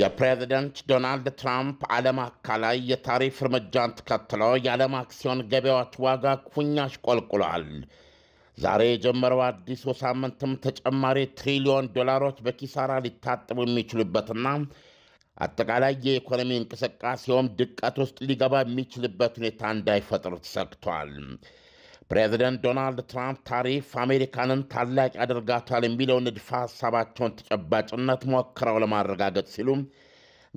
የፕሬዚደንት ዶናልድ ትራምፕ ዓለም ላይ የታሪፍ እርምጃን ተከትለው የዓለም አክሲዮን ገበያዎች ዋጋ ኩኛ አሽቆልቁሏል። ዛሬ የጀመረው አዲሱ ሳምንትም ተጨማሪ ትሪሊዮን ዶላሮች በኪሳራ ሊታጥቡ የሚችሉበትና አጠቃላይ የኢኮኖሚ እንቅስቃሴውም ድቀት ውስጥ ሊገባ የሚችልበት ሁኔታ እንዳይፈጥር ተሰግቷል። ፕሬዚደንት ዶናልድ ትራምፕ ታሪፍ አሜሪካንን ታላቅ ያደርጋቷል የሚለው ንድፈ ሐሳባቸውን ተጨባጭነት ሞክረው ለማረጋገጥ ሲሉም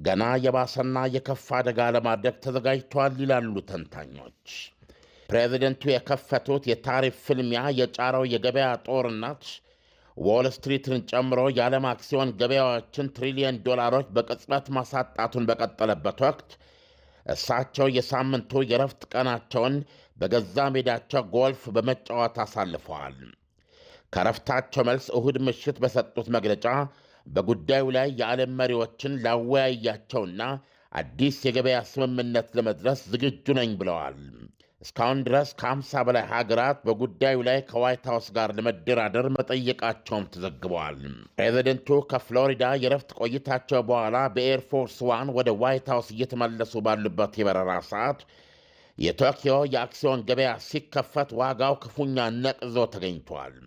ገና የባሰና የከፋ አደጋ ለማድረግ ተዘጋጅተዋል ይላሉ ተንታኞች። ፕሬዚደንቱ የከፈቱት የታሪፍ ፍልሚያ የጫረው የገበያ ጦርነት ዎል ስትሪትን ጨምሮ የዓለም አክሲዮን ገበያዎችን ትሪሊየን ዶላሮች በቅጽበት ማሳጣቱን በቀጠለበት ወቅት እሳቸው የሳምንቱ የረፍት ቀናቸውን በገዛ ሜዳቸው ጎልፍ በመጫወት አሳልፈዋል። ከረፍታቸው መልስ እሁድ ምሽት በሰጡት መግለጫ በጉዳዩ ላይ የዓለም መሪዎችን ላወያያቸውና አዲስ የገበያ ስምምነት ለመድረስ ዝግጁ ነኝ ብለዋል። እስካሁን ድረስ ከ50 በላይ ሀገራት በጉዳዩ ላይ ከዋይት ሀውስ ጋር ለመደራደር መጠየቃቸውም ተዘግበዋል። ፕሬዚደንቱ ከፍሎሪዳ የረፍት ቆይታቸው በኋላ በኤርፎርስ ዋን ወደ ዋይት ሀውስ እየተመለሱ ባሉበት የበረራ ሰዓት የቶኪዮ የአክሲዮን ገበያ ሲከፈት ዋጋው ክፉኛ ነቅዞ ተገኝቷል።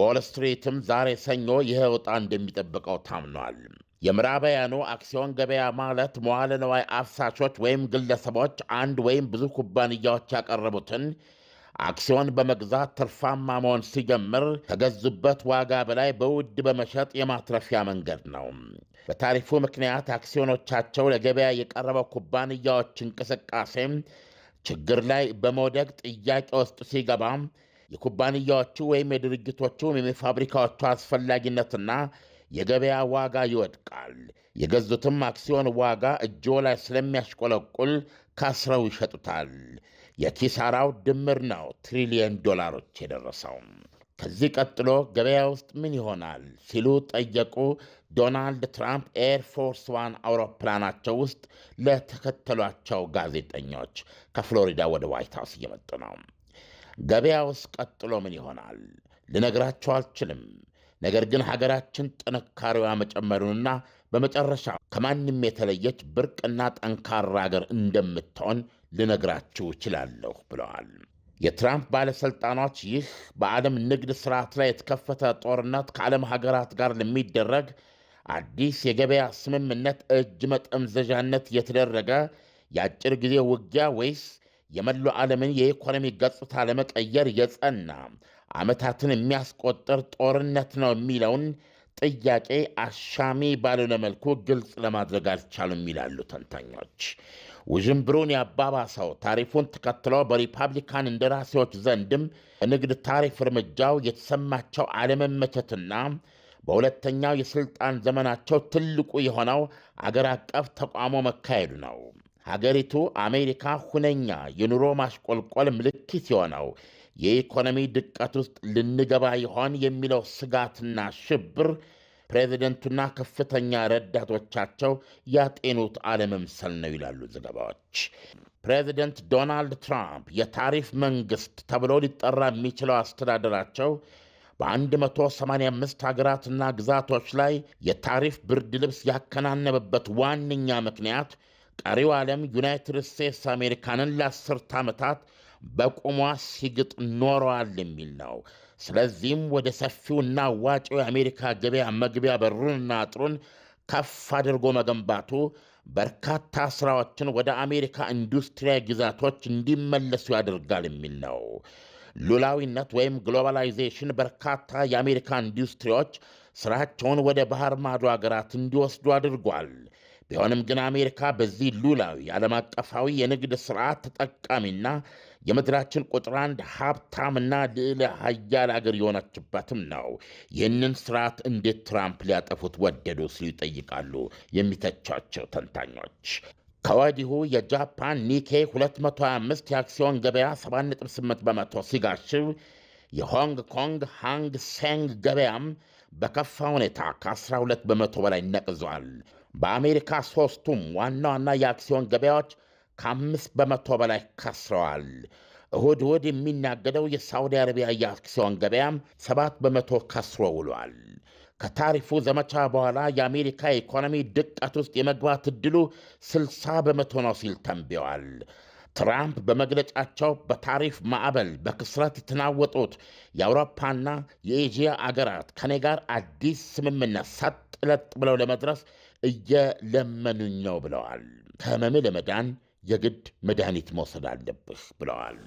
ዎል ስትሪትም ዛሬ ሰኞ ይህ ዕጣ እንደሚጠብቀው ታምኗል። የምዕራባውያኑ አክሲዮን ገበያ ማለት መዋለ ነዋይ አፍሳሾች ወይም ግለሰቦች አንድ ወይም ብዙ ኩባንያዎች ያቀረቡትን አክሲዮን በመግዛት ትርፋማ መሆን ሲጀምር ከገዙበት ዋጋ በላይ በውድ በመሸጥ የማትረፊያ መንገድ ነው። በታሪፉ ምክንያት አክሲዮኖቻቸው ለገበያ የቀረበው ኩባንያዎች እንቅስቃሴ ችግር ላይ በመውደቅ ጥያቄ ውስጥ ሲገባ የኩባንያዎቹ ወይም የድርጅቶቹ ወይም የፋብሪካዎቹ አስፈላጊነትና የገበያ ዋጋ ይወድቃል። የገዙትም አክሲዮን ዋጋ እጆ ላይ ስለሚያሽቆለቁል ካስረው ይሸጡታል። የኪሳራው ድምር ነው ትሪሊየን ዶላሮች የደረሰው። ከዚህ ቀጥሎ ገበያ ውስጥ ምን ይሆናል ሲሉ ጠየቁ ዶናልድ ትራምፕ ኤርፎርስ ዋን አውሮፕላናቸው ውስጥ ለተከተሏቸው ጋዜጠኞች። ከፍሎሪዳ ወደ ዋይት እየመጡ ነው። ገበያ ውስጥ ቀጥሎ ምን ይሆናል ልነግራቸው አልችልም። ነገር ግን ሀገራችን ጥንካሬዋ መጨመሩንና በመጨረሻ ከማንም የተለየች ብርቅና ጠንካራ ሀገር እንደምትሆን ልነግራችሁ እችላለሁ ብለዋል። የትራምፕ ባለሥልጣኖች ይህ በዓለም ንግድ ሥርዓት ላይ የተከፈተ ጦርነት ከዓለም ሀገራት ጋር ለሚደረግ አዲስ የገበያ ስምምነት እጅ መጠምዘዣነት የተደረገ የአጭር ጊዜ ውጊያ ወይስ የመሎ ዓለምን የኢኮኖሚ ገጽታ ለመቀየር የጸና ዓመታትን የሚያስቆጥር ጦርነት ነው የሚለውን ጥያቄ አሻሚ ባልሆነ መልኩ ግልጽ ለማድረግ አልቻሉም ይላሉ ተንታኞች። ውዥንብሩን ያባባሰው ታሪፉን ተከትሎ በሪፐብሊካን እንደራሴዎች ዘንድም በንግድ ታሪፍ እርምጃው የተሰማቸው አለመመቸትና በሁለተኛው የሥልጣን ዘመናቸው ትልቁ የሆነው አገር አቀፍ ተቋሞ መካሄዱ ነው። ሀገሪቱ አሜሪካ ሁነኛ የኑሮ ማሽቆልቆል ምልክት የሆነው የኢኮኖሚ ድቀት ውስጥ ልንገባ ይሆን የሚለው ስጋትና ሽብር ፕሬዚደንቱና ከፍተኛ ረዳቶቻቸው ያጤኑት አለመምሰል ነው ይላሉ ዘገባዎች። ፕሬዚደንት ዶናልድ ትራምፕ የታሪፍ መንግሥት ተብሎ ሊጠራ የሚችለው አስተዳደራቸው በ185 ሀገራትና ግዛቶች ላይ የታሪፍ ብርድ ልብስ ያከናነበበት ዋነኛ ምክንያት ቀሪው ዓለም ዩናይትድ ስቴትስ አሜሪካንን ለአስርት ዓመታት በቁሟ ሲግጥ ኖረዋል የሚል ነው። ስለዚህም ወደ ሰፊውና ዋጪው የአሜሪካ ገበያ መግቢያ በሩንና አጥሩን ከፍ አድርጎ መገንባቱ በርካታ ሥራዎችን ወደ አሜሪካ ኢንዱስትሪያ ግዛቶች እንዲመለሱ ያደርጋል የሚል ነው። ሉላዊነት ወይም ግሎባላይዜሽን በርካታ የአሜሪካ ኢንዱስትሪዎች ሥራቸውን ወደ ባህር ማዶ አገራት እንዲወስዱ አድርጓል። ቢሆንም ግን አሜሪካ በዚህ ሉላዊ ዓለም አቀፋዊ የንግድ ስርዓት ተጠቃሚና የምድራችን ቁጥር አንድ ሀብታምና ልዕለ ሀያል አገር የሆነችበትም ነው። ይህንን ስርዓት እንዴት ትራምፕ ሊያጠፉት ወደዱ ሲሉ ይጠይቃሉ የሚተቻቸው ተንታኞች። ከወዲሁ የጃፓን ኒኬ 225 የአክሲዮን ገበያ 7.8 በመቶ ሲጋሽብ የሆንግ ኮንግ ሃንግ ሴንግ ገበያም በከፋ ሁኔታ ከ12 በመቶ በላይ ነቅዟል። በአሜሪካ ሦስቱም ዋና ዋና የአክሲዮን ገበያዎች ከአምስት በመቶ በላይ ከስረዋል። እሁድ እሁድ የሚናገደው የሳዑዲ አረቢያ የአክሲዮን ገበያም ሰባት በመቶ ከስሮ ውሏል። ከታሪፉ ዘመቻ በኋላ የአሜሪካ ኢኮኖሚ ድቀት ውስጥ የመግባት ዕድሉ 60 በመቶ ነው ሲል ተንቢዋል። ትራምፕ በመግለጫቸው በታሪፍ ማዕበል በክስረት የተናወጡት የአውሮፓና የኤዥያ አገራት ከኔ ጋር አዲስ ስምምነት ሰጥ ለጥ ብለው ለመድረስ እየለመኑኝ ነው ብለዋል። ከህመሜ ለመዳን የግድ መድኃኒት መውሰድ አለብህ ብለዋል።